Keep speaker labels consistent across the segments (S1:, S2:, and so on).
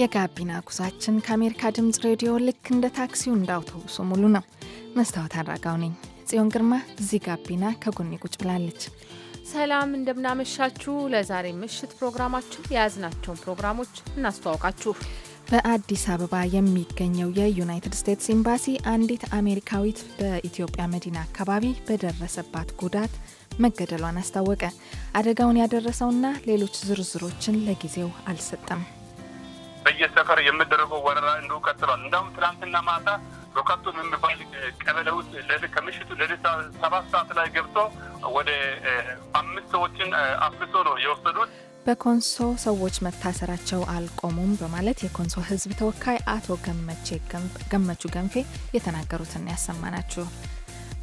S1: የጋቢና ጉዛችን ከአሜሪካ ድምፅ ሬዲዮ ልክ እንደ ታክሲው እንደ አውቶቡሱ ሙሉ ነው። መስታወት አድራጋው ነኝ ጽዮን ግርማ። እዚህ ጋቢና ከጎኔ ቁጭ ብላለች።
S2: ሰላም እንደምናመሻችሁ። ለዛሬ ምሽት ፕሮግራማችን የያዝናቸውን ፕሮግራሞች እናስተዋውቃችሁ።
S1: በአዲስ አበባ የሚገኘው የዩናይትድ ስቴትስ ኤምባሲ አንዲት አሜሪካዊት በኢትዮጵያ መዲና አካባቢ በደረሰባት ጉዳት መገደሏን አስታወቀ። አደጋውን ያደረሰውና ሌሎች ዝርዝሮችን ለጊዜው አልሰጠም።
S3: በየሰፈር የምደረገው ወረራ እንዲሁ ቀጥሏል። እንዳሁም ትናንትና ማታ በከብቱም የሚባል ቀበሌ ውስጥ ከምሽቱ ሌሊት ሰባት ሰዓት ላይ ገብቶ ወደ አምስት ሰዎችን አፍሶ ነው
S1: የወሰዱት። በኮንሶ ሰዎች መታሰራቸው አልቆሙም በማለት የኮንሶ ሕዝብ ተወካይ አቶ ገመቹ ገንፌ የተናገሩትን ያሰማናችሁ።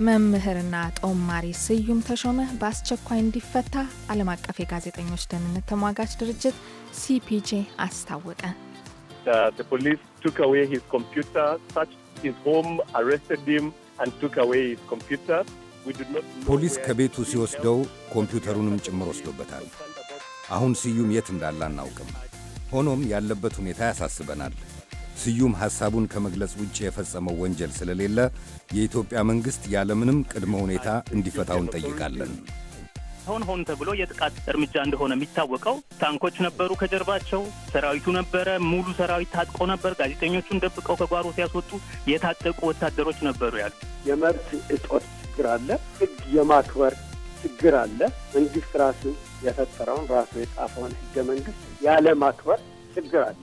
S1: መምህርና ጦማሪ ስዩም ተሾመ በአስቸኳይ እንዲፈታ ዓለም አቀፍ የጋዜጠኞች ደህንነት ተሟጋች ድርጅት ሲፒጄ አስታወቀ።
S4: uh, the police took away his computer, searched his home, arrested him, and took away his computer. ፖሊስ ከቤቱ ሲወስደው
S5: ኮምፒውተሩንም ጭምር ወስዶበታል። አሁን ስዩም የት እንዳለ አናውቅም። ሆኖም ያለበት ሁኔታ ያሳስበናል። ስዩም ሐሳቡን ከመግለጽ ውጭ የፈጸመው ወንጀል ስለሌለ የኢትዮጵያ መንግሥት ያለምንም ቅድመ ሁኔታ እንዲፈታው እንጠይቃለን።
S6: ሆን ሆን ተብሎ የጥቃት እርምጃ እንደሆነ የሚታወቀው ታንኮች ነበሩ፣ ከጀርባቸው ሰራዊቱ ነበረ፣ ሙሉ ሰራዊት ታጥቆ ነበር። ጋዜጠኞቹን ደብቀው ከጓሮ ሲያስወጡ የታጠቁ ወታደሮች ነበሩ ያሉ። የመብት እጦት
S7: ችግር አለ፣ ህግ የማክበር ችግር አለ። መንግስት ራሱ የፈጠረውን ራሱ የጻፈውን ህገ መንግስት ያለ ማክበር ችግር አለ።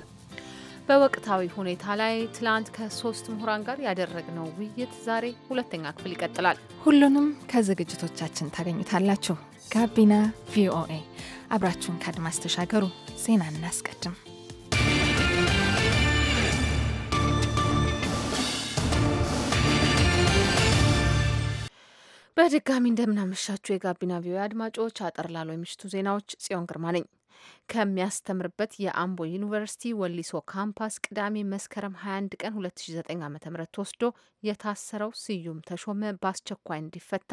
S2: በወቅታዊ ሁኔታ ላይ ትላንት ከሶስት ምሁራን ጋር ያደረግነው ውይይት ዛሬ ሁለተኛ ክፍል ይቀጥላል።
S1: ሁሉንም ከዝግጅቶቻችን ታገኙታላችሁ። ጋቢና ቪኦኤ አብራችሁን ከአድማስ ተሻገሩ። ዜና እናስቀድም።
S2: በድጋሚ እንደምናመሻችሁ የጋቢና ቪኦኤ አድማጮች፣ አጠር ላሉ የምሽቱ ዜናዎች ጽዮን ግርማ ነኝ። ከሚያስተምርበት የአምቦ ዩኒቨርሲቲ ወሊሶ ካምፓስ ቅዳሜ መስከረም 21 ቀን 2009 ዓ.ም ተወስዶ የታሰረው ስዩም ተሾመ በአስቸኳይ እንዲፈታ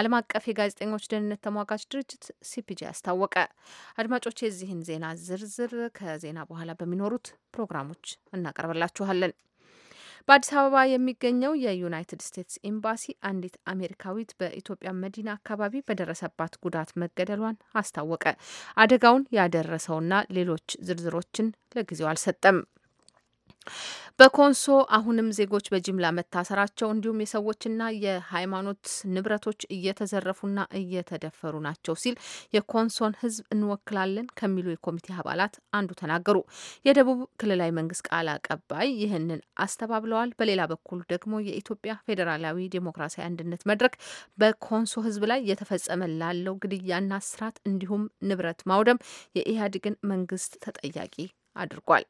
S2: ዓለም አቀፍ የጋዜጠኞች ደህንነት ተሟጋች ድርጅት ሲፒጂ አስታወቀ። አድማጮች የዚህን ዜና ዝርዝር ከዜና በኋላ በሚኖሩት ፕሮግራሞች እናቀርብላችኋለን። በአዲስ አበባ የሚገኘው የዩናይትድ ስቴትስ ኤምባሲ አንዲት አሜሪካዊት በኢትዮጵያ መዲና አካባቢ በደረሰባት ጉዳት መገደሏን አስታወቀ። አደጋውን ያደረሰውና ሌሎች ዝርዝሮችን ለጊዜው አልሰጠም። በኮንሶ አሁንም ዜጎች በጅምላ መታሰራቸው እንዲሁም የሰዎችና የሃይማኖት ንብረቶች እየተዘረፉና እየተደፈሩ ናቸው ሲል የኮንሶን ሕዝብ እንወክላለን ከሚሉ የኮሚቴ አባላት አንዱ ተናገሩ። የደቡብ ክልላዊ መንግስት ቃል አቀባይ ይህንን አስተባብለዋል። በሌላ በኩል ደግሞ የኢትዮጵያ ፌዴራላዊ ዴሞክራሲያዊ አንድነት መድረክ በኮንሶ ሕዝብ ላይ የተፈጸመ ላለው ግድያና እስራት እንዲሁም ንብረት ማውደም የኢህአዴግን መንግስት ተጠያቂ አድርጓል።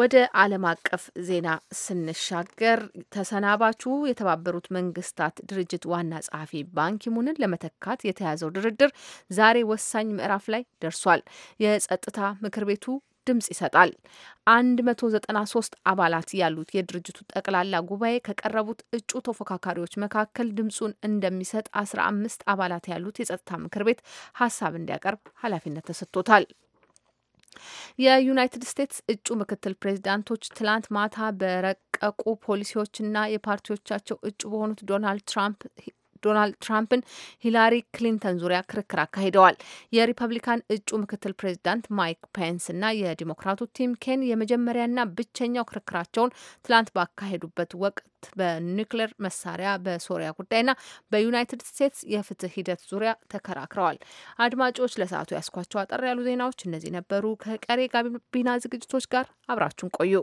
S2: ወደ ዓለም አቀፍ ዜና ስንሻገር ተሰናባቹ የተባበሩት መንግስታት ድርጅት ዋና ጸሐፊ ባንኪሙንን ለመተካት የተያዘው ድርድር ዛሬ ወሳኝ ምዕራፍ ላይ ደርሷል። የጸጥታ ምክር ቤቱ ድምጽ ይሰጣል። 193 አባላት ያሉት የድርጅቱ ጠቅላላ ጉባኤ ከቀረቡት እጩ ተፎካካሪዎች መካከል ድምጹን እንደሚሰጥ 15 አባላት ያሉት የጸጥታ ምክር ቤት ሀሳብ እንዲያቀርብ ኃላፊነት ተሰጥቶታል። የዩናይትድ ስቴትስ እጩ ምክትል ፕሬዚዳንቶች ትላንት ማታ በረቀቁ ፖሊሲዎችና የፓርቲዎቻቸው እጩ በሆኑት ዶናልድ ትራምፕ ዶናልድ ትራምፕን ሂላሪ ክሊንተን ዙሪያ ክርክር አካሂደዋል። የሪፐብሊካን እጩ ምክትል ፕሬዚዳንት ማይክ ፔንስ እና የዲሞክራቱ ቲም ኬን የመጀመሪያና ብቸኛው ክርክራቸውን ትላንት ባካሄዱበት ወቅት በኒውክሌር መሳሪያ በሶሪያ ጉዳይና በዩናይትድ ስቴትስ የፍትህ ሂደት ዙሪያ ተከራክረዋል። አድማጮች ለሰዓቱ ያስኳቸው አጠር ያሉ ዜናዎች እነዚህ ነበሩ። ከቀሬ ጋቢና ዝግጅቶች ጋር አብራችሁን ቆዩ።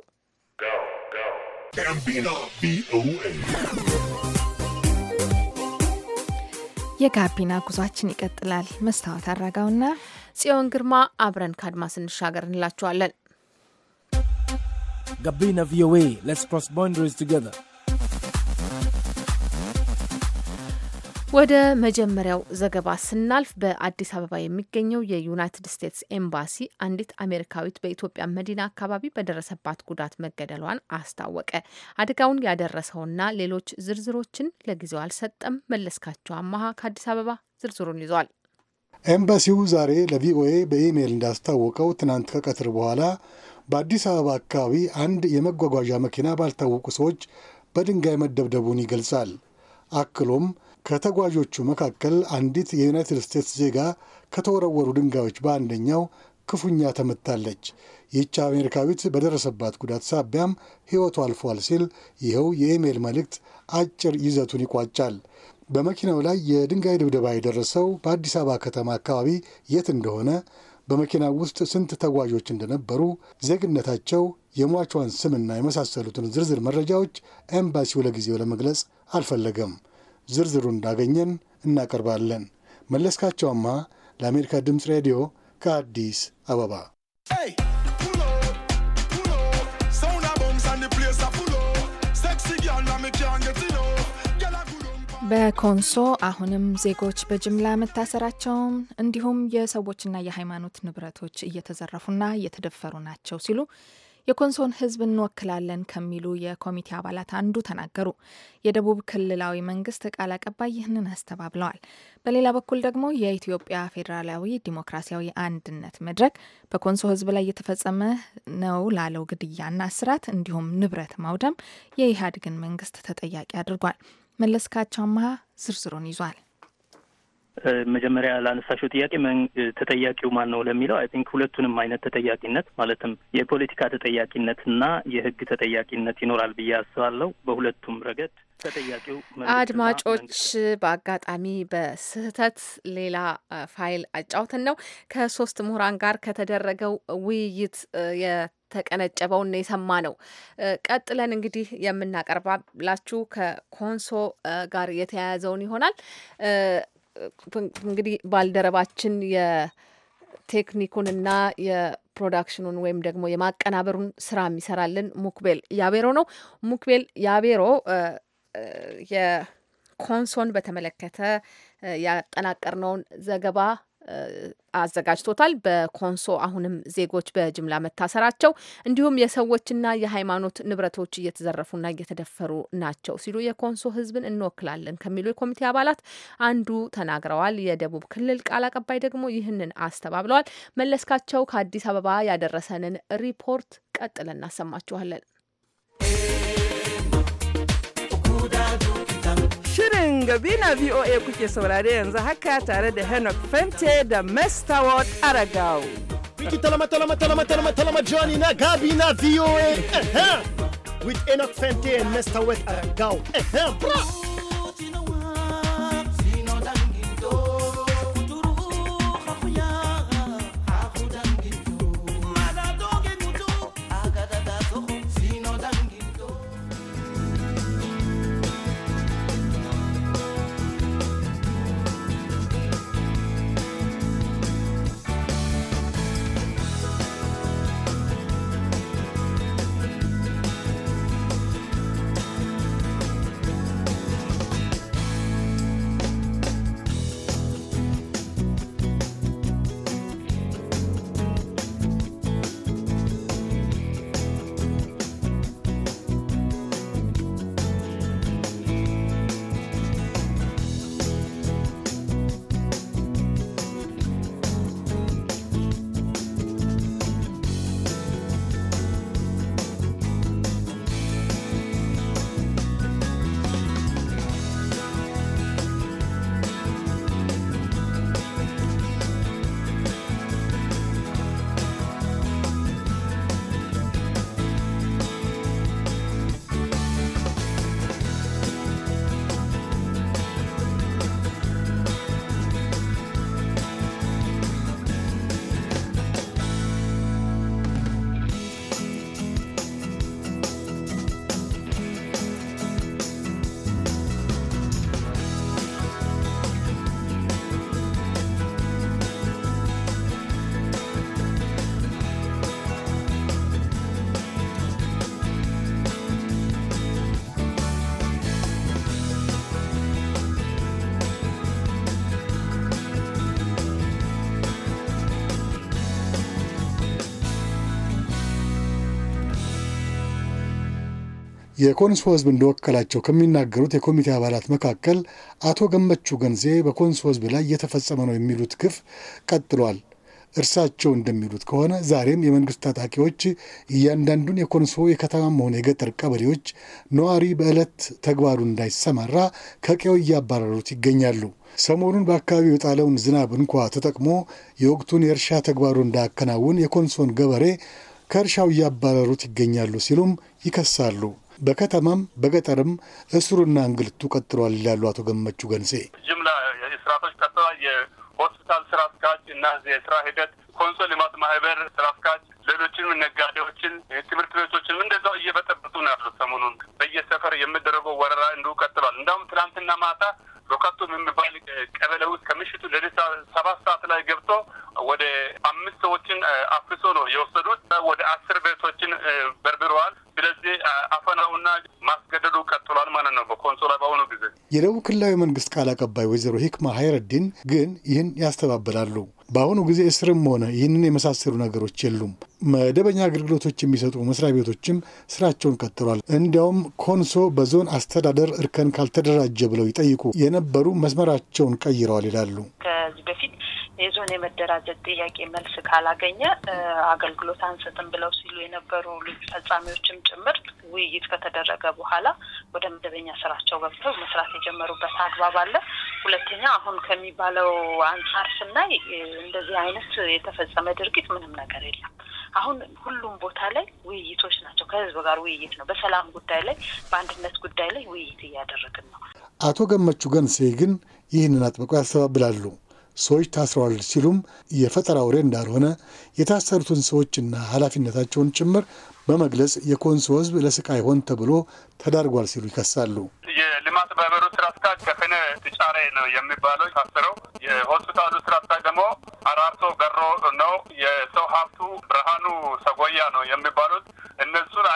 S1: የጋቢና ጉዟችን ይቀጥላል። መስታወት አረጋውና
S2: ጽዮን ግርማ አብረን ከአድማስ እንሻገር እንላችኋለን።
S1: ጋቢና ቪኦኤ ሌትስ ክሮስ ቦንደሪስ ቱጌዘር
S2: ወደ መጀመሪያው ዘገባ ስናልፍ በአዲስ አበባ የሚገኘው የዩናይትድ ስቴትስ ኤምባሲ አንዲት አሜሪካዊት በኢትዮጵያ መዲና አካባቢ በደረሰባት ጉዳት መገደሏን አስታወቀ። አደጋውን ያደረሰውና ሌሎች ዝርዝሮችን ለጊዜው አልሰጠም። መለስካቸው አማሃ ከአዲስ አበባ ዝርዝሩን ይዟል።
S8: ኤምባሲው ዛሬ ለቪኦኤ በኢሜይል እንዳስታወቀው ትናንት ከቀትር በኋላ በአዲስ አበባ አካባቢ አንድ የመጓጓዣ መኪና ባልታወቁ ሰዎች በድንጋይ መደብደቡን ይገልጻል። አክሎም ከተጓዦቹ መካከል አንዲት የዩናይትድ ስቴትስ ዜጋ ከተወረወሩ ድንጋዮች በአንደኛው ክፉኛ ተመታለች። ይህች አሜሪካዊት በደረሰባት ጉዳት ሳቢያም ሕይወቱ አልፏል ሲል ይኸው የኢሜይል መልእክት አጭር ይዘቱን ይቋጫል። በመኪናው ላይ የድንጋይ ድብደባ የደረሰው በአዲስ አበባ ከተማ አካባቢ የት እንደሆነ፣ በመኪናው ውስጥ ስንት ተጓዦች እንደነበሩ፣ ዜግነታቸው፣ የሟቿን ስምና የመሳሰሉትን ዝርዝር መረጃዎች ኤምባሲው ለጊዜው ለመግለጽ አልፈለገም። ዝርዝሩ እንዳገኘን እናቀርባለን። መለስካቸውማ ለአሜሪካ ድምፅ ሬዲዮ ከአዲስ አበባ
S1: በኮንሶ አሁንም ዜጎች በጅምላ መታሰራቸውን እንዲሁም የሰዎችና የሃይማኖት ንብረቶች እየተዘረፉና እየተደፈሩ ናቸው ሲሉ የኮንሶን ህዝብ እንወክላለን ከሚሉ የኮሚቴ አባላት አንዱ ተናገሩ። የደቡብ ክልላዊ መንግስት ቃል አቀባይ ይህንን አስተባብለዋል። በሌላ በኩል ደግሞ የኢትዮጵያ ፌዴራላዊ ዲሞክራሲያዊ አንድነት መድረክ በኮንሶ ህዝብ ላይ የተፈጸመ ነው ላለው ግድያና እስራት እንዲሁም ንብረት ማውደም የኢህአዴግን መንግስት ተጠያቂ አድርጓል። መለስካቸው አምሃ ዝርዝሩን ይዟል።
S6: መጀመሪያ ላነሳሽው ጥያቄ ተጠያቂው ማን ነው ለሚለው አይ ቲንክ ሁለቱንም አይነት ተጠያቂነት ማለትም የፖለቲካ ተጠያቂነት እና የህግ ተጠያቂነት ይኖራል ብዬ አስባለሁ። በሁለቱም ረገድ ተጠያቂው አድማጮች፣
S2: በአጋጣሚ በስህተት ሌላ ፋይል አጫውተን ነው ከሶስት ምሁራን ጋር ከተደረገው ውይይት ተቀነጨበውን የሰማ ነው። ቀጥለን እንግዲህ የምናቀርባላችሁ ከኮንሶ ጋር የተያያዘውን ይሆናል። እንግዲህ ባልደረባችን የቴክኒኩንና የፕሮዳክሽኑን ወይም ደግሞ የማቀናበሩን ስራ የሚሰራልን ሙክቤል ያቤሮ ነው። ሙክቤል ያቤሮ የኮንሶን በተመለከተ ያጠናቀርነውን ዘገባ አዘጋጅቶታል። በኮንሶ አሁንም ዜጎች በጅምላ መታሰራቸው እንዲሁም የሰዎችና የሃይማኖት ንብረቶች እየተዘረፉና እየተደፈሩ ናቸው ሲሉ የኮንሶ ሕዝብን እንወክላለን ከሚሉ የኮሚቴ አባላት አንዱ ተናግረዋል። የደቡብ ክልል ቃል አቀባይ ደግሞ ይህንን አስተባብለዋል። መለስካቸው ከአዲስ አበባ ያደረሰንን ሪፖርት ቀጥለን እናሰማችኋለን። Shirin
S6: Gabina VOA kuke saurare yanzu haka tare da Henok Fente da Mr. Ward Aragao. Wiki talama talama talama talama talama Johnny na Gabina VOA.
S8: With Henok Fente and Mr. Ward Aragao. Bra! የኮንሶ ህዝብ እንደወከላቸው ከሚናገሩት የኮሚቴ አባላት መካከል አቶ ገመቹ ገንዜ በኮንሶ ህዝብ ላይ እየተፈጸመ ነው የሚሉት ግፍ ቀጥሏል። እርሳቸው እንደሚሉት ከሆነ ዛሬም የመንግስት ታጣቂዎች እያንዳንዱን የኮንሶ የከተማም ሆነ የገጠር ቀበሌዎች ነዋሪ በዕለት ተግባሩ እንዳይሰማራ ከቀው እያባረሩት ይገኛሉ። ሰሞኑን በአካባቢው የጣለውን ዝናብ እንኳ ተጠቅሞ የወቅቱን የእርሻ ተግባሩ እንዳያከናውን የኮንሶን ገበሬ ከእርሻው እያባረሩት ይገኛሉ ሲሉም ይከሳሉ። በከተማም በገጠርም እስሩና እንግልቱ ቀጥሏል ይላሉ አቶ ገመቹ ገንሴ። ጅምላ ስራቶች ቀጥሏል። የሆስፒታል ስራ አስኪያጅ እና የስራ
S3: ሂደት ኮንሶ ልማት ማህበር ስራ አስኪያጅ፣ ሌሎችንም ነጋዴዎችን፣ ትምህርት ቤቶችን እንደዛው እየበጠበጡ ነው ያሉት። ሰሞኑን በየሰፈር የሚደረገው ወረራ እንዲሁ ቀጥሏል። እንዳሁም ትናንትና ማታ በከብቱም የሚባል ቀበሌ ውስጥ ከምሽቱ ለሌሳ ሰባት ሰዓት ላይ ገብቶ ወደ አምስት ሰዎችን አፍሶ ነው የወሰዱት። ወደ አስር ቤቶችን በርብረዋል።
S8: ስለዚህ አፈናው ማስገደዱ ቀጥሏል ማለት ነው በኮንሶ ላይ በአሁኑ ጊዜ። የደቡብ ክልላዊ መንግስት ቃል አቀባይ ወይዘሮ ሂክማ ሀይረዲን ግን ይህን ያስተባብላሉ። በአሁኑ ጊዜ እስርም ሆነ ይህንን የመሳሰሉ ነገሮች የሉም። መደበኛ አገልግሎቶች የሚሰጡ መስሪያ ቤቶችም ስራቸውን ቀጥሏል። እንዲያውም ኮንሶ በዞን አስተዳደር እርከን ካልተደራጀ ብለው ይጠይቁ የነበሩ መስመራቸውን ቀይረዋል ይላሉ።
S9: ከዚህ በፊት የዞን የመደራጀት ጥያቄ መልስ ካላገኘ አገልግሎት አንሰጥም ብለው ሲሉ የነበሩ ልዩ ፈጻሚዎችም ጭምር ውይይት ከተደረገ በኋላ ወደ መደበኛ ስራቸው ገብተው መስራት የጀመሩበት አግባብ አለ። ሁለተኛ አሁን ከሚባለው አንጻር ስናይ እንደዚህ አይነት የተፈጸመ ድርጊት ምንም ነገር የለም። አሁን ሁሉም ቦታ ላይ ውይይቶች ናቸው። ከህዝብ ጋር ውይይት ነው። በሰላም ጉዳይ ላይ፣ በአንድነት ጉዳይ ላይ ውይይት እያደረግን ነው።
S8: አቶ ገመቹ ገንሴ ግን ይህንን አጥብቀው ያስተባብላሉ። ሰዎች ታስረዋል ሲሉም የፈጠራ ወሬ እንዳልሆነ የታሰሩትን ሰዎችና ኃላፊነታቸውን ጭምር በመግለጽ የኮንሶ ህዝብ ለስቃይ ሆን ተብሎ ተዳርጓል ሲሉ ይከሳሉ። የልማት ማህበሩ ስራ አስኪያጅ ከፍነ ትጫሬ ነው የሚባለው
S3: የታሰረው። የሆስፒታሉ ስራ አስኪያጅ ደግሞ አራርሶ ገሮ ነው። የሰው ሀብቱ ብርሃኑ ሰጎያ ነው የሚባሉት። እነሱን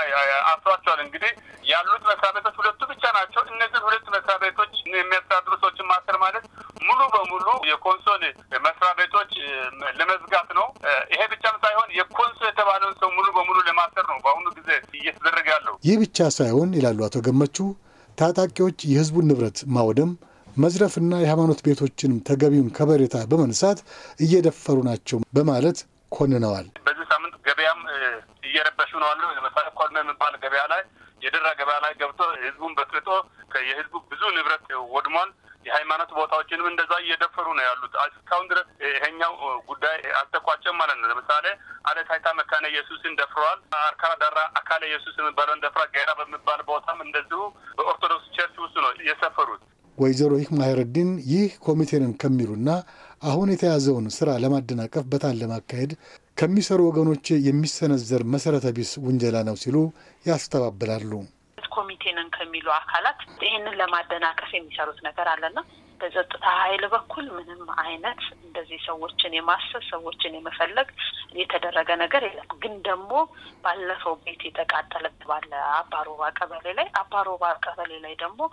S3: አስሯቸዋል። እንግዲህ ያሉት መስሪያ ቤቶች ሁለቱ ብቻ ናቸው። እነዚህ ሁለት መስሪያ ቤቶች የሚያስተዳድሩ ሰዎችን ማሰር ማለት ሙሉ በሙሉ የኮንሶን መስሪያ ቤቶች ለመዝጋት ነው ይሄ ብቻም ሳይሆን የኮንሶ የተባለውን ሰው ሙሉ በሙሉ ለማሰር ነው በአሁኑ ጊዜ እየተደረገ ያለው።
S8: ይህ ብቻ ሳይሆን ይላሉ አቶ ገመቹ፣ ታጣቂዎች የህዝቡን ንብረት ማውደም መዝረፍና የሃይማኖት ቤቶችንም ተገቢውን ከበሬታ በመንሳት እየደፈሩ ናቸው በማለት ኮንነዋል። በዚህ ሳምንት ገበያም እየረበሹ ነው አሉ። ለምሳሌ ኮልሜ የሚባል ገበያ ላይ
S3: የደራ ገበያ ላይ ገብቶ ህዝቡን በጥርጦ የህዝቡ ብዙ ንብረት ወድሟል። የሃይማኖት ቦታዎችንም እንደዛ እየደፈሩ ነው ያሉት። እስካሁን ድረስ ይሄኛው ጉዳይ አልተቋጨም ማለት ነው። ለምሳሌ ታይታ መካነ ኢየሱስን ደፍረዋል። አርካ ዳራ አካለ ኢየሱስ
S8: የሚባለውን ደፍራ ጋራ በሚባል ቦታም እንደዚሁ በኦርቶዶክስ ቸርች ውስጥ ነው የሰፈሩት። ወይዘሮ ይህ ማህረዲን ይህ ኮሚቴንን ከሚሉና አሁን የተያዘውን ስራ ለማደናቀፍ በታን ለማካሄድ ከሚሰሩ ወገኖች የሚሰነዘር መሰረተ ቢስ ውንጀላ ነው ሲሉ ያስተባብላሉ።
S9: ኮሚቴ ነን ከሚሉ አካላት ይህንን ለማደናቀፍ የሚሰሩት ነገር አለና በጸጥታ ኃይል በኩል ምንም አይነት እንደዚህ ሰዎችን የማሰብ ሰዎችን የመፈለግ የተደረገ ነገር የለም። ግን ደግሞ ባለፈው ቤት የተቃጠለበት ባለ አባሮባ ቀበሌ ላይ አባሮባ ቀበሌ ላይ ደግሞ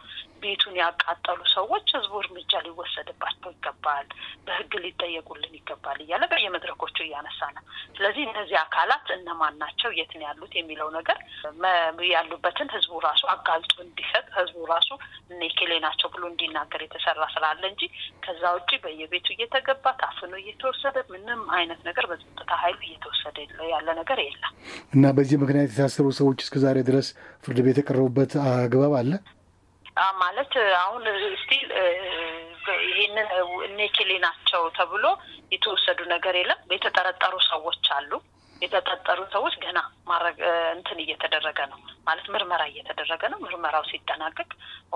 S9: ቤቱን ያቃጠሉ ሰዎች ህዝቡ እርምጃ ሊወሰድባቸው ይገባል፣ በህግ ሊጠየቁልን ይገባል እያለ በየመድረኮቹ እያነሳ ነው። ስለዚህ እነዚህ አካላት እነማን ናቸው፣ የት ነው ያሉት የሚለው ነገር ያሉበትን ህዝቡ ራሱ አጋልጦ እንዲሰጥ ህዝቡ ራሱ እነ ኬሌ ናቸው ብሎ እንዲናገር የተሰራ ስላለ እንጂ ከዛ ውጭ በየቤቱ እየተገባ ታፍኖ እየተወሰደ ምንም አይነት ነገር በጸጥታ ኃይሉ እየተወሰደ ያለ ነገር የለም
S8: እና በዚህ ምክንያት የታሰሩ ሰዎች እስከዛሬ ድረስ ፍርድ ቤት የቀረቡበት አግባብ አለ
S9: ማለት አሁን ስቲል ይህንን እኔ ኬሌ ናቸው ተብሎ የተወሰዱ ነገር የለም። የተጠረጠሩ ሰዎች አሉ። የተጠጠሩ ሰዎች ገና ማድረግ እንትን እየተደረገ ነው ማለት ምርመራ እየተደረገ ነው። ምርመራው ሲጠናቀቅ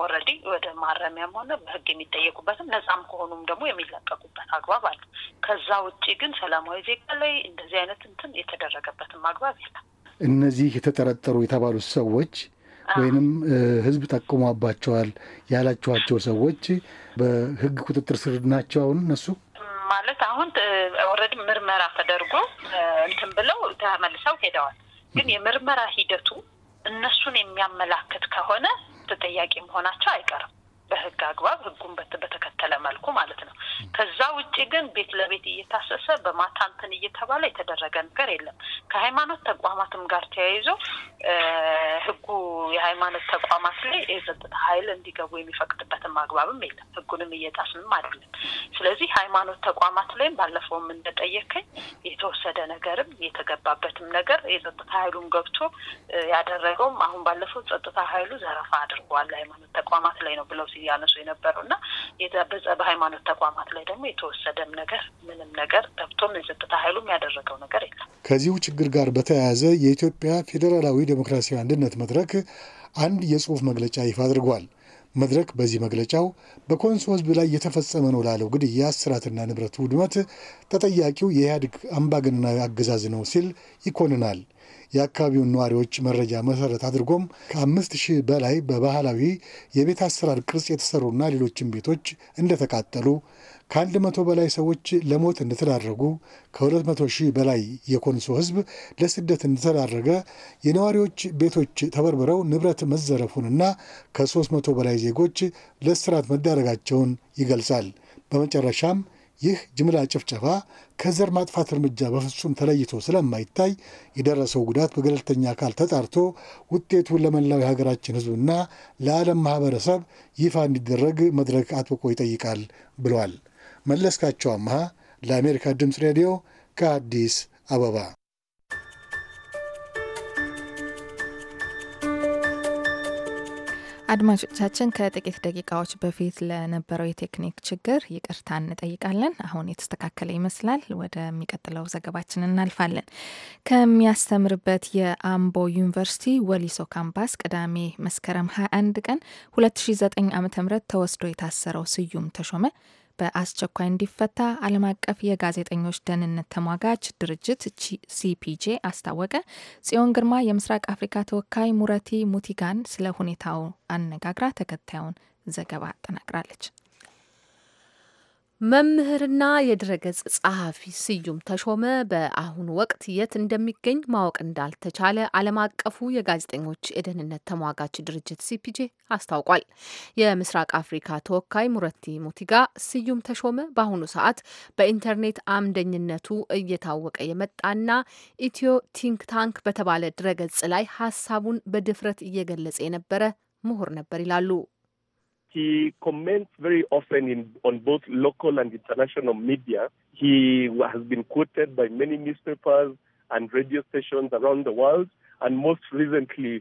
S9: ኦልሬዲ ወደ ማረሚያም ሆነ በህግ የሚጠየቁበትም ነጻም ከሆኑም ደግሞ የሚለቀቁበት አግባብ አለ። ከዛ ውጭ ግን ሰላማዊ ዜጋ ላይ እንደዚህ አይነት እንትን የተደረገበትም
S8: አግባብ የለም። እነዚህ የተጠረጠሩ የተባሉት ሰዎች ወይንም ህዝብ ጠቁሟባቸዋል ያላችኋቸው ሰዎች በህግ ቁጥጥር ስር ናቸው አሁን እነሱ ማለት አሁን
S9: ኦልሬዲ ምርመራ ተደርጎ እንትን ብለው ተመልሰው ሄደዋል። ግን የምርመራ ሂደቱ እነሱን የሚያመላክት ከሆነ ተጠያቂ መሆናቸው አይቀርም። በህግ አግባብ ህጉን በተከተለ መልኩ ማለት ነው። ከዛ ውጭ ግን ቤት ለቤት እየታሰሰ በማታ እንትን እየተባለ የተደረገ ነገር የለም። ከሃይማኖት ተቋማትም ጋር ተያይዞ ህጉ የሃይማኖት ተቋማት ላይ የጸጥታ ኃይል እንዲገቡ የሚፈቅድበትም አግባብም የለም። ህጉንም እየጣስንም አይደለም። ስለዚህ ሃይማኖት ተቋማት ላይም ባለፈውም እንደጠየከኝ የተወሰደ ነገርም የተገባበትም ነገር የጸጥታ ኃይሉም ገብቶ ያደረገውም አሁን ባለፈው ጸጥታ ኃይሉ ዘረፋ አድርጓል ሃይማኖት ተቋማት ላይ ነው ብለው እንደዚህ ያነሱ የነበረው እና በሃይማኖት ተቋማት ላይ ደግሞ የተወሰደም ነገር ምንም ነገር ገብቶም ምን ኃይሉም ያደረገው
S8: ነገር የለም። ከዚሁ ችግር ጋር በተያያዘ የኢትዮጵያ ፌዴራላዊ ዴሞክራሲያዊ አንድነት መድረክ አንድ የጽሁፍ መግለጫ ይፋ አድርጓል። መድረክ በዚህ መግለጫው በኮንሶ ህዝብ ላይ የተፈጸመ ነው ላለው ግድያ፣ እስራትና ንብረት ውድመት ተጠያቂው የኢህአዴግ አምባገነናዊ አገዛዝ ነው ሲል ይኮንናል። የአካባቢውን ነዋሪዎች መረጃ መሰረት አድርጎም ከአምስት ሺህ በላይ በባህላዊ የቤት አሰራር ቅርጽ የተሰሩና ሌሎችም ቤቶች እንደተቃጠሉ ከአንድ መቶ በላይ ሰዎች ለሞት እንደተዳረጉ ከሁለት መቶ ሺህ በላይ የኮንሶ ሕዝብ ለስደት እንደተዳረገ የነዋሪዎች ቤቶች ተበርብረው ንብረት መዘረፉንና ከሦስት መቶ በላይ ዜጎች ለእስራት መዳረጋቸውን ይገልጻል። በመጨረሻም ይህ ጅምላ ጭፍጨፋ ከዘር ማጥፋት እርምጃ በፍጹም ተለይቶ ስለማይታይ የደረሰው ጉዳት በገለልተኛ አካል ተጣርቶ ውጤቱን ለመላው የሀገራችን ሕዝብና ለዓለም ማህበረሰብ ይፋ እንዲደረግ መድረክ አጥብቆ ይጠይቃል ብለዋል። መለስካቸው አመሃ ለአሜሪካ ድምፅ ሬዲዮ ከአዲስ አበባ
S1: አድማጮቻችን ከጥቂት ደቂቃዎች በፊት ለነበረው የቴክኒክ ችግር ይቅርታ እንጠይቃለን። አሁን የተስተካከለ ይመስላል። ወደሚቀጥለው ዘገባችን እናልፋለን። ከሚያስተምርበት የአምቦ ዩኒቨርሲቲ ወሊሶ ካምፓስ ቅዳሜ መስከረም 21 ቀን 2009 ዓ ም ተወስዶ የታሰረው ስዩም ተሾመ በአስቸኳይ እንዲፈታ ዓለም አቀፍ የጋዜጠኞች ደህንነት ተሟጋች ድርጅት ሲፒጄ አስታወቀ። ጽዮን ግርማ የምስራቅ አፍሪካ ተወካይ ሙረቲ ሙቲጋን ስለ ሁኔታው አነጋግራ ተከታዩን ዘገባ አጠናቅራለች። መምህርና የድረገጽ ጸሐፊ ስዩም ተሾመ
S2: በአሁኑ ወቅት የት እንደሚገኝ ማወቅ እንዳልተቻለ ዓለም አቀፉ የጋዜጠኞች የደህንነት ተሟጋች ድርጅት ሲፒጄ አስታውቋል። የምስራቅ አፍሪካ ተወካይ ሙረቲ ሙቲጋ ስዩም ተሾመ በአሁኑ ሰዓት በኢንተርኔት አምደኝነቱ እየታወቀ የመጣና ኢትዮ ቲንክ ታንክ በተባለ ድረገጽ ላይ ሀሳቡን በድፍረት እየገለጸ የነበረ ምሁር ነበር ይላሉ።
S4: He comments very often in, on both local and international media. He has been quoted by many newspapers and radio stations around the world. And most recently,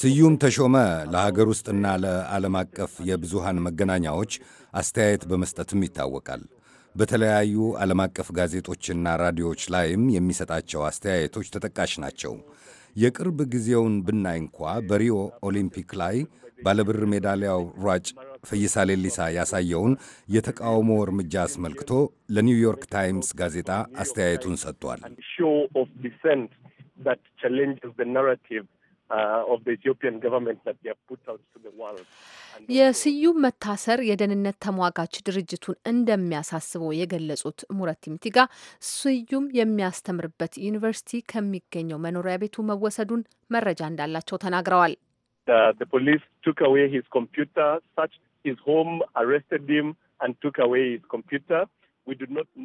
S5: ስዩም ተሾመ ለሀገር ውስጥና ለዓለም አቀፍ የብዙሃን መገናኛዎች አስተያየት በመስጠትም ይታወቃል። በተለያዩ ዓለም አቀፍ ጋዜጦችና ራዲዮዎች ላይም የሚሰጣቸው አስተያየቶች ተጠቃሽ ናቸው። የቅርብ ጊዜውን ብናይ እንኳ በሪዮ ኦሊምፒክ ላይ ባለብር ሜዳሊያው ሯጭ ፈይሳ ሌሊሳ ያሳየውን የተቃውሞ እርምጃ አስመልክቶ ለኒውዮርክ ታይምስ ጋዜጣ አስተያየቱን ሰጥቷል።
S2: የስዩም መታሰር የደህንነት ተሟጋች ድርጅቱን እንደሚያሳስበው የገለጹት ሙረት ቲምቲጋ ስዩም የሚያስተምርበት ዩኒቨርሲቲ ከሚገኘው መኖሪያ ቤቱ መወሰዱን መረጃ እንዳላቸው ተናግረዋል።
S4: uh, the police took away his computer, searched his home, arrested him, and took away his computer.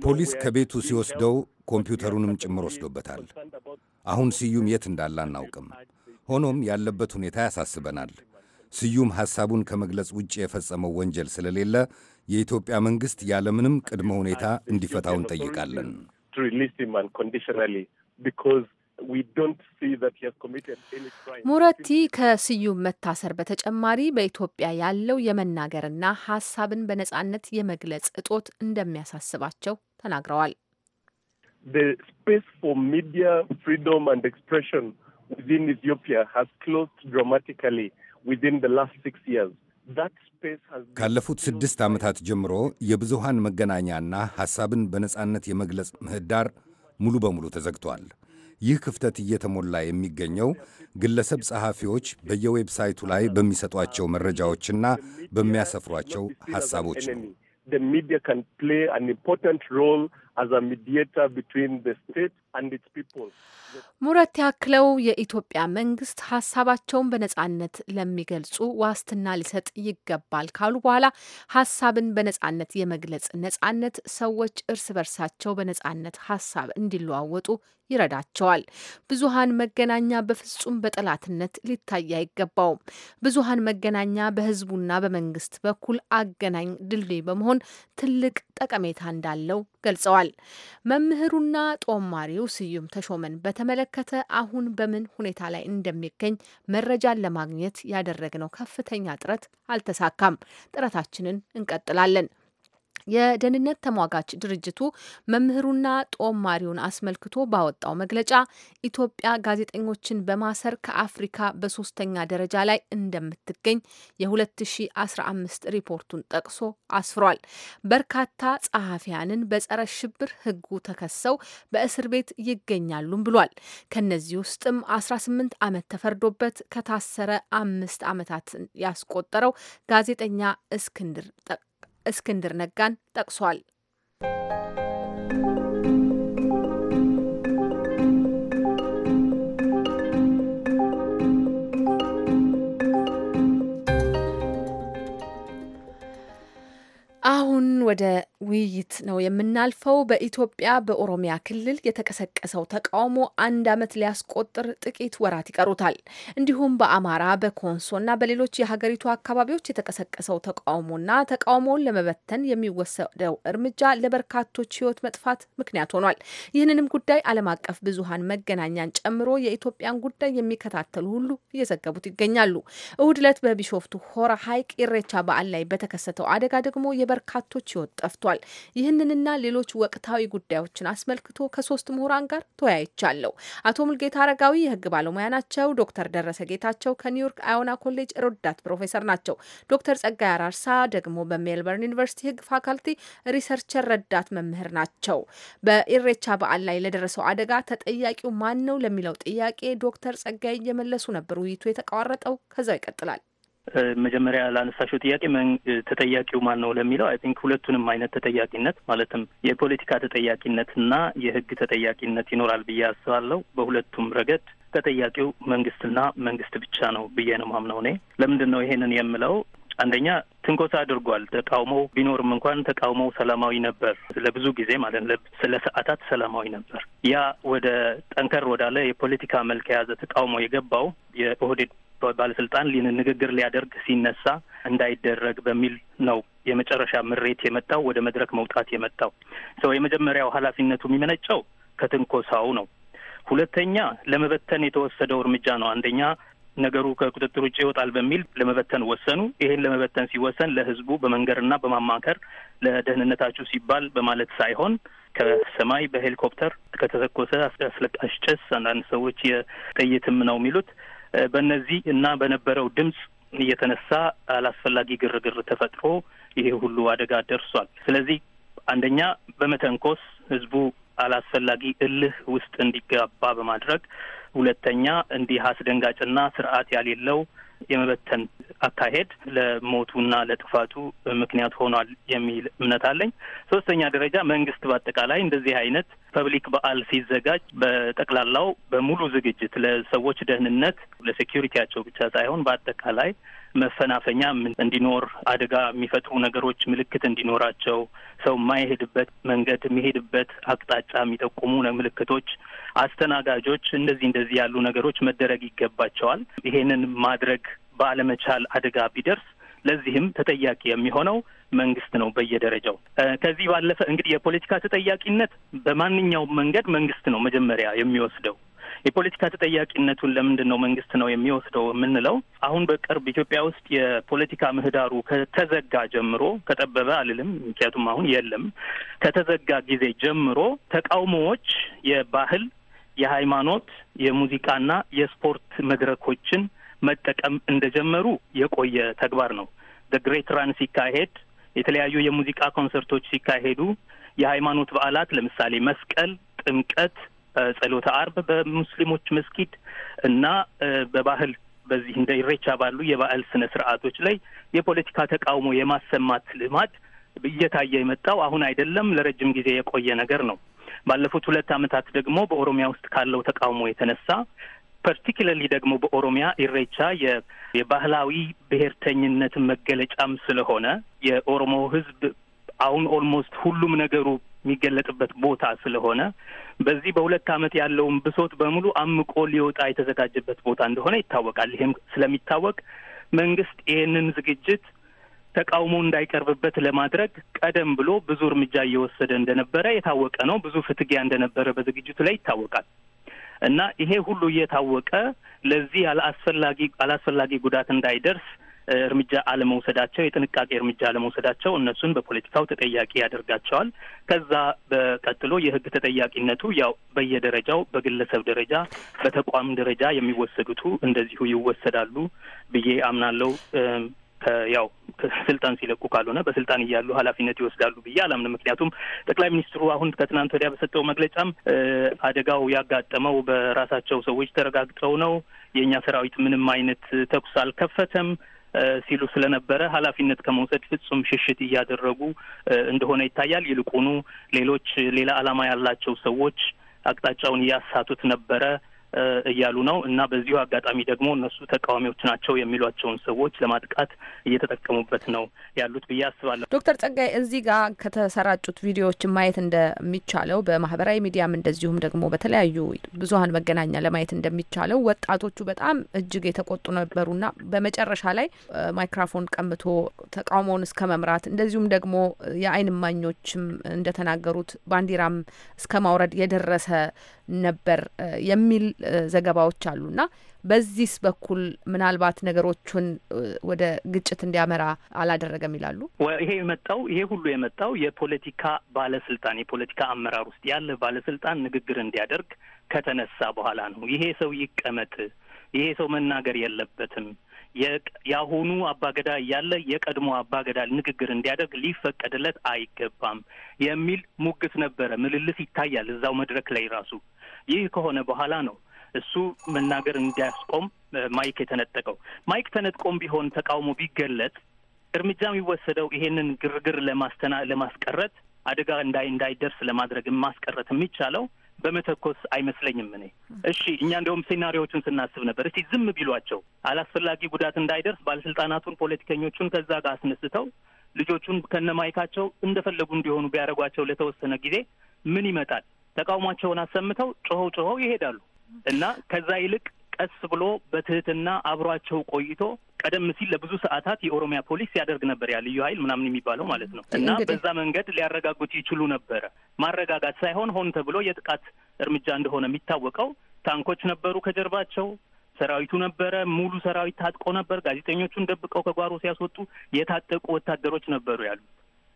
S4: ፖሊስ ከቤቱ ሲወስደው
S5: ኮምፒውተሩንም ጭምር ወስዶበታል። አሁን ስዩም የት እንዳለ አናውቅም። ሆኖም ያለበት ሁኔታ ያሳስበናል። ስዩም ሐሳቡን ከመግለጽ ውጭ የፈጸመው ወንጀል ስለሌለ የኢትዮጵያ መንግሥት ያለምንም ቅድመ ሁኔታ እንዲፈታው እንጠይቃለን።
S2: ሙረቲ ከስዩም መታሰር በተጨማሪ በኢትዮጵያ ያለው የመናገርና ሀሳብን በነጻነት የመግለጽ እጦት እንደሚያሳስባቸው ተናግረዋል።
S5: ካለፉት ስድስት ዓመታት ጀምሮ የብዙሃን መገናኛና ሀሳብን በነጻነት የመግለጽ ምህዳር ሙሉ በሙሉ ተዘግቷል። ይህ ክፍተት እየተሞላ የሚገኘው ግለሰብ ጸሐፊዎች በየዌብሳይቱ ላይ በሚሰጧቸው መረጃዎችና በሚያሰፍሯቸው ሐሳቦች ነው።
S4: ሚዲያ ካን ፕሌይ አን ኢምፖርታንት ሮል አዝ አ ሚዲየተር ቢትዊን ዘ ስቴት
S2: ሙረት ያክለው የኢትዮጵያ መንግስት ሀሳባቸውን በነጻነት ለሚገልጹ ዋስትና ሊሰጥ ይገባል ካሉ በኋላ ሀሳብን በነጻነት የመግለጽ ነጻነት ሰዎች እርስ በርሳቸው በነጻነት ሀሳብ እንዲለዋወጡ ይረዳቸዋል። ብዙሀን መገናኛ በፍጹም በጠላትነት ሊታይ አይገባውም። ብዙሀን መገናኛ በህዝቡና በመንግስት በኩል አገናኝ ድልድይ በመሆን ትልቅ ጠቀሜታ እንዳለው ገልጸዋል። መምህሩና ጦማሪው ስዩም ተሾመን በተመለከተ አሁን በምን ሁኔታ ላይ እንደሚገኝ መረጃን ለማግኘት ያደረግነው ከፍተኛ ጥረት አልተሳካም። ጥረታችንን እንቀጥላለን። የደህንነት ተሟጋች ድርጅቱ መምህሩና ጦማሪውን አስመልክቶ ባወጣው መግለጫ ኢትዮጵያ ጋዜጠኞችን በማሰር ከአፍሪካ በሶስተኛ ደረጃ ላይ እንደምትገኝ የ2015 ሪፖርቱን ጠቅሶ አስፍሯል። በርካታ ጸሐፊያንን በጸረ ሽብር ህጉ ተከሰው በእስር ቤት ይገኛሉም ብሏል። ከነዚህ ውስጥም 18 ዓመት ተፈርዶበት ከታሰረ አምስት ዓመታት ያስቆጠረው ጋዜጠኛ እስክንድር እስክንድር ነጋን ጠቅሷል። አሁን ወደ ውይይት ነው የምናልፈው። በኢትዮጵያ በኦሮሚያ ክልል የተቀሰቀሰው ተቃውሞ አንድ ዓመት ሊያስቆጥር ጥቂት ወራት ይቀሩታል። እንዲሁም በአማራ በኮንሶ እና በሌሎች የሀገሪቱ አካባቢዎች የተቀሰቀሰው ተቃውሞና ተቃውሞውን ለመበተን የሚወሰደው እርምጃ ለበርካቶች ሕይወት መጥፋት ምክንያት ሆኗል። ይህንንም ጉዳይ ዓለም አቀፍ ብዙሃን መገናኛን ጨምሮ የኢትዮጵያን ጉዳይ የሚከታተሉ ሁሉ እየዘገቡት ይገኛሉ። እሁድ ዕለት በቢሾፍቱ ሆራ ሐይቅ ኢሬቻ በዓል ላይ በተከሰተው አደጋ ደግሞ የበር በርካቶች ሕይወት ጠፍቷል። ይህንንና ሌሎች ወቅታዊ ጉዳዮችን አስመልክቶ ከሶስት ምሁራን ጋር ተወያይቻለሁ። አቶ ሙልጌታ አረጋዊ የህግ ባለሙያ ናቸው። ዶክተር ደረሰ ጌታቸው ከኒውዮርክ አዮና ኮሌጅ ረዳት ፕሮፌሰር ናቸው። ዶክተር ጸጋይ አራርሳ ደግሞ በሜልበርን ዩኒቨርሲቲ ህግ ፋካልቲ ሪሰርቸር ረዳት መምህር ናቸው። በኢሬቻ በዓል ላይ ለደረሰው አደጋ ተጠያቂው ማን ነው ለሚለው ጥያቄ ዶክተር ጸጋይ እየመለሱ ነበር። ውይይቱ የተቋረጠው ከዛው ይቀጥላል።
S6: መጀመሪያ ላነሳሽው ጥያቄ ተጠያቂው ማን ነው ለሚለው አይ ቲንክ ሁለቱንም አይነት ተጠያቂነት ማለትም የፖለቲካ ተጠያቂነት የህግ ተጠያቂነት ይኖራል ብዬ አስባለሁ። በሁለቱም ረገድ ተጠያቂው መንግስትና መንግስት ብቻ ነው ብዬ ነው ማምነው እኔ። ለምንድን ነው ይሄንን የምለው? አንደኛ ትንኮሳ አድርጓል። ተቃውሞው ቢኖርም እንኳን ተቃውሞው ሰላማዊ ነበር፣ ለብዙ ጊዜ ማለት ስለ ለሰዓታት ሰላማዊ ነበር። ያ ወደ ጠንከር ወዳለ የፖለቲካ መልክ የያዘ ተቃውሞ የገባው የኦህዴድ ባለስልጣን ንግግር ሊያደርግ ሲነሳ እንዳይደረግ በሚል ነው የመጨረሻ ምሬት የመጣው ወደ መድረክ መውጣት የመጣው ሰው የመጀመሪያው ኃላፊነቱ የሚመነጨው ከትንኮሳው ነው። ሁለተኛ ለመበተን የተወሰደው እርምጃ ነው። አንደኛ ነገሩ ከቁጥጥር ውጭ ይወጣል በሚል ለመበተን ወሰኑ። ይሄን ለመበተን ሲወሰን ለህዝቡ በመንገርና በማማከር ለደህንነታችሁ ሲባል በማለት ሳይሆን ከሰማይ በሄሊኮፕተር ከተተኮሰ አስለቃሽ ጭስ አንዳንድ ሰዎች የጥይትም ነው የሚሉት በእነዚህ እና በነበረው ድምፅ እየተነሳ አላስፈላጊ ግርግር ተፈጥሮ ይሄ ሁሉ አደጋ ደርሷል። ስለዚህ አንደኛ በመተንኮስ ህዝቡ አላስፈላጊ እልህ ውስጥ እንዲጋባ በማድረግ ሁለተኛ እንዲህ አስደንጋጭና ስርዓት ያሌለው የመበተን አካሄድ ለሞቱና ለጥፋቱ ምክንያት ሆኗል የሚል እምነት አለኝ። ሶስተኛ ደረጃ መንግስት በአጠቃላይ እንደዚህ አይነት ፐብሊክ በዓል ሲዘጋጅ በጠቅላላው በሙሉ ዝግጅት ለሰዎች ደህንነት ለሴኪሪቲያቸው ብቻ ሳይሆን በአጠቃላይ መፈናፈኛ እንዲኖር አደጋ የሚፈጥሩ ነገሮች ምልክት እንዲኖራቸው ሰው የማይሄድበት መንገድ የሚሄድበት አቅጣጫ የሚጠቁሙ ምልክቶች፣ አስተናጋጆች እንደዚህ እንደዚህ ያሉ ነገሮች መደረግ ይገባቸዋል። ይሄንን ማድረግ ባለመቻል አደጋ ቢደርስ ለዚህም ተጠያቂ የሚሆነው መንግስት ነው በየደረጃው። ከዚህ ባለፈ እንግዲህ የፖለቲካ ተጠያቂነት በማንኛውም መንገድ መንግስት ነው መጀመሪያ የሚወስደው። የፖለቲካ ተጠያቂነቱን ለምንድን ነው መንግስት ነው የሚወስደው የምንለው አሁን በቅርብ ኢትዮጵያ ውስጥ የፖለቲካ ምህዳሩ ከተዘጋ ጀምሮ ከጠበበ አልልም፣ ምክንያቱም አሁን የለም። ከተዘጋ ጊዜ ጀምሮ ተቃውሞዎች የባህል፣ የሃይማኖት፣ የሙዚቃና የስፖርት መድረኮችን መጠቀም እንደጀመሩ የቆየ ተግባር ነው። ግሬት ራን ሲካሄድ የተለያዩ የሙዚቃ ኮንሰርቶች ሲካሄዱ የሃይማኖት በዓላት ለምሳሌ መስቀል፣ ጥምቀት፣ ጸሎተ አርብ በሙስሊሞች መስጊድ እና በባህል በዚህ እንደ ኢሬቻ ባሉ የባህል ስነ ስርዓቶች ላይ የፖለቲካ ተቃውሞ የማሰማት ልማድ እየታየ የመጣው አሁን አይደለም፣ ለረጅም ጊዜ የቆየ ነገር ነው። ባለፉት ሁለት ዓመታት ደግሞ በኦሮሚያ ውስጥ ካለው ተቃውሞ የተነሳ ፐርቲኪለርሊ ደግሞ በኦሮሚያ ኢሬቻ የባህላዊ ብሔርተኝነት መገለጫም ስለሆነ የኦሮሞ ሕዝብ አሁን ኦልሞስት ሁሉም ነገሩ የሚገለጥበት ቦታ ስለሆነ በዚህ በሁለት ዓመት ያለውን ብሶት በሙሉ አምቆ ሊወጣ የተዘጋጀበት ቦታ እንደሆነ ይታወቃል። ይህም ስለሚታወቅ መንግስት ይህንን ዝግጅት ተቃውሞ እንዳይቀርብበት ለማድረግ ቀደም ብሎ ብዙ እርምጃ እየወሰደ እንደነበረ የታወቀ ነው። ብዙ ፍትጊያ እንደነበረ በዝግጅቱ ላይ ይታወቃል። እና ይሄ ሁሉ እየታወቀ ለዚህ አላስፈላጊ አላስፈላጊ ጉዳት እንዳይደርስ እርምጃ አለመውሰዳቸው፣ የጥንቃቄ እርምጃ አለመውሰዳቸው እነሱን በፖለቲካው ተጠያቂ ያደርጋቸዋል። ከዛ በቀጥሎ የህግ ተጠያቂነቱ ያው በየደረጃው በግለሰብ ደረጃ፣ በተቋም ደረጃ የሚወሰዱቱ እንደዚሁ ይወሰዳሉ ብዬ አምናለው። ያው ስልጣን ሲለቁ ካልሆነ በስልጣን እያሉ ኃላፊነት ይወስዳሉ ብዬ አላምንም። ምክንያቱም ጠቅላይ ሚኒስትሩ አሁን ከትናንት ወዲያ በሰጠው መግለጫም አደጋው ያጋጠመው በራሳቸው ሰዎች ተረጋግጠው ነው፣ የእኛ ሰራዊት ምንም አይነት ተኩስ አልከፈተም፣ ሲሉ ስለነበረ ኃላፊነት ከመውሰድ ፍጹም ሽሽት እያደረጉ እንደሆነ ይታያል። ይልቁኑ ሌሎች ሌላ ዓላማ ያላቸው ሰዎች አቅጣጫውን እያሳቱት ነበረ። እያሉ ነው እና በዚሁ አጋጣሚ ደግሞ እነሱ ተቃዋሚዎች ናቸው የሚሏቸውን ሰዎች ለማጥቃት እየተጠቀሙበት ነው ያሉት ብዬ አስባለሁ።
S2: ዶክተር ጸጋይ እዚህ ጋር ከተሰራጩት ቪዲዮዎች ማየት እንደሚቻለው በማህበራዊ ሚዲያም እንደዚሁም ደግሞ በተለያዩ ብዙሀን መገናኛ ለማየት እንደሚቻለው ወጣቶቹ በጣም እጅግ የተቆጡ ነበሩና በመጨረሻ ላይ ማይክራፎን ቀምቶ ተቃውሞውን እስከ መምራት እንደዚሁም ደግሞ የአይን እማኞችም እንደተናገሩት ባንዲራም እስከ ማውረድ የደረሰ ነበር የሚል ዘገባዎች አሉና በዚህስ በኩል ምናልባት ነገሮቹን ወደ ግጭት እንዲያመራ አላደረገም ይላሉ።
S6: ይሄ የመጣው ይሄ ሁሉ የመጣው የፖለቲካ ባለስልጣን የፖለቲካ አመራር ውስጥ ያለ ባለስልጣን ንግግር እንዲያደርግ ከተነሳ በኋላ ነው። ይሄ ሰው ይቀመጥ፣ ይሄ ሰው መናገር የለበትም የአሁኑ አባገዳ እያለ የቀድሞ አባገዳ ንግግር እንዲያደርግ ሊፈቀድለት አይገባም የሚል ሙግት ነበረ። ምልልስ ይታያል እዛው መድረክ ላይ ራሱ ይህ ከሆነ በኋላ ነው እሱ መናገር እንዲያስቆም ማይክ የተነጠቀው። ማይክ ተነጥቆም ቢሆን ተቃውሞ ቢገለጥ እርምጃ የሚወሰደው ይሄንን ግርግር ለማስተና ለማስቀረት አደጋ እንዳይ እንዳይደርስ ለማድረግ ማስቀረት የሚቻለው በመተኮስ አይመስለኝም። እኔ እሺ እኛ እንዲሁም ሴናሪዎቹን ስናስብ ነበር። እስቲ ዝም ቢሏቸው አላስፈላጊ ጉዳት እንዳይደርስ ባለስልጣናቱን፣ ፖለቲከኞቹን ከዛ ጋር አስነስተው ልጆቹን ከነማይካቸው እንደፈለጉ እንዲሆኑ ቢያደርጓቸው ለተወሰነ ጊዜ ምን ይመጣል? ተቃውሟቸውን አሰምተው ጮኸው ጮኸው ይሄዳሉ እና ከዛ ይልቅ ቀስ ብሎ በትህትና አብሯቸው ቆይቶ ቀደም ሲል ለብዙ ሰዓታት የኦሮሚያ ፖሊስ ያደርግ ነበር ያ ልዩ ኃይል ምናምን የሚባለው ማለት ነው። እና በዛ መንገድ ሊያረጋጉት ይችሉ ነበረ። ማረጋጋት ሳይሆን ሆን ተብሎ የጥቃት እርምጃ እንደሆነ የሚታወቀው ታንኮች ነበሩ ከጀርባቸው፣ ሰራዊቱ ነበረ፣ ሙሉ ሰራዊት ታጥቆ ነበር። ጋዜጠኞቹን ደብቀው ከጓሮ ሲያስወጡ የታጠቁ ወታደሮች ነበሩ ያሉት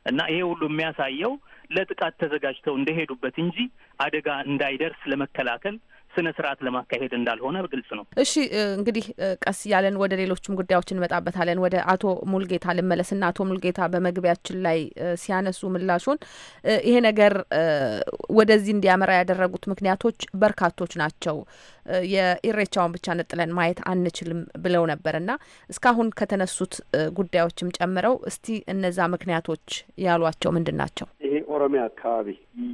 S6: እና ይሄ ሁሉ የሚያሳየው ለጥቃት ተዘጋጅተው እንደሄዱበት እንጂ አደጋ እንዳይደርስ ለመከላከል ስነ ስርዓት ለማካሄድ እንዳልሆነ ግልጽ ነው።
S2: እሺ እንግዲህ ቀስ እያለን ወደ ሌሎችም ጉዳዮች እንመጣበታለን። ወደ አቶ ሙልጌታ ልመለስና አቶ ሙልጌታ በመግቢያችን ላይ ሲያነሱ ምላሹን ይሄ ነገር ወደዚህ እንዲያመራ ያደረጉት ምክንያቶች በርካቶች ናቸው፣ የኢሬቻውን ብቻ ነጥለን ማየት አንችልም ብለው ነበር እና እስካሁን ከተነሱት ጉዳዮችም ጨምረው እስቲ እነዛ ምክንያቶች ያሏቸው ምንድን ናቸው?
S7: ይሄ ኦሮሚያ አካባቢ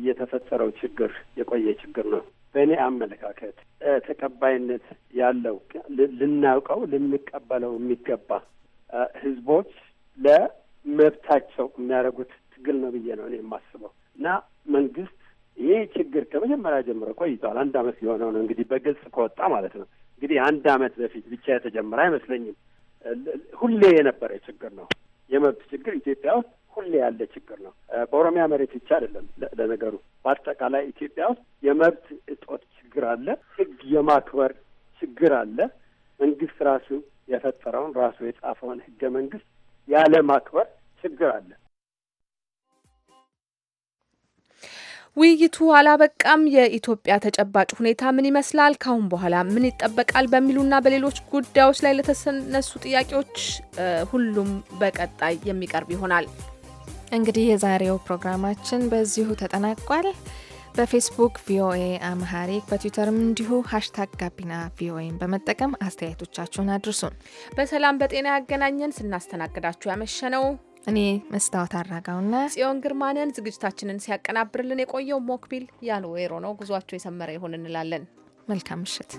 S7: የተፈጠረው ችግር የቆየ ችግር ነው። በእኔ አመለካከት ተቀባይነት ያለው ልናውቀው ልንቀበለው የሚገባ ህዝቦች ለመብታቸው የሚያደርጉት ትግል ነው ብዬ ነው እኔ የማስበው እና መንግስት ይህ ችግር ከመጀመሪያ ጀምሮ ቆይቷል። አንድ አመት ሊሆነው ነው እንግዲህ በግልጽ ከወጣ ማለት ነው። እንግዲህ አንድ አመት በፊት ብቻ የተጀመረ አይመስለኝም። ሁሌ የነበረ ችግር ነው። የመብት ችግር ኢትዮጵያ ውስጥ ሁሌ ያለ ችግር ነው። በኦሮሚያ መሬት ብቻ አይደለም። ለነገሩ በአጠቃላይ ኢትዮጵያ ውስጥ የመብት እጦት ችግር አለ። ህግ የማክበር ችግር አለ። መንግስት ራሱ የፈጠረውን ራሱ የጻፈውን ህገ መንግስት ያለ ማክበር ችግር አለ።
S2: ውይይቱ አላበቃም። የኢትዮጵያ ተጨባጭ ሁኔታ ምን ይመስላል፣ ካሁን በኋላ ምን ይጠበቃል በሚሉና በሌሎች ጉዳዮች ላይ ለተነሱ ጥያቄዎች ሁሉም በቀጣይ የሚቀርብ ይሆናል።
S1: እንግዲህ የዛሬው ፕሮግራማችን በዚሁ ተጠናቋል። በፌስቡክ ቪኦኤ አምሃሪክ በትዊተርም እንዲሁ ሀሽታግ ጋቢና ቪኦኤን በመጠቀም አስተያየቶቻችሁን አድርሱን።
S2: በሰላም በጤና ያገናኘን። ስናስተናግዳችሁ ያመሸ ነው እኔ መስታወት አራጋውና ጽዮን ግርማንን። ዝግጅታችንን ሲያቀናብርልን የቆየው ሞክቢል ያን ወይሮ ነው። ጉዟቸው የሰመረ ይሁን እንላለን።
S1: መልካም ምሽት።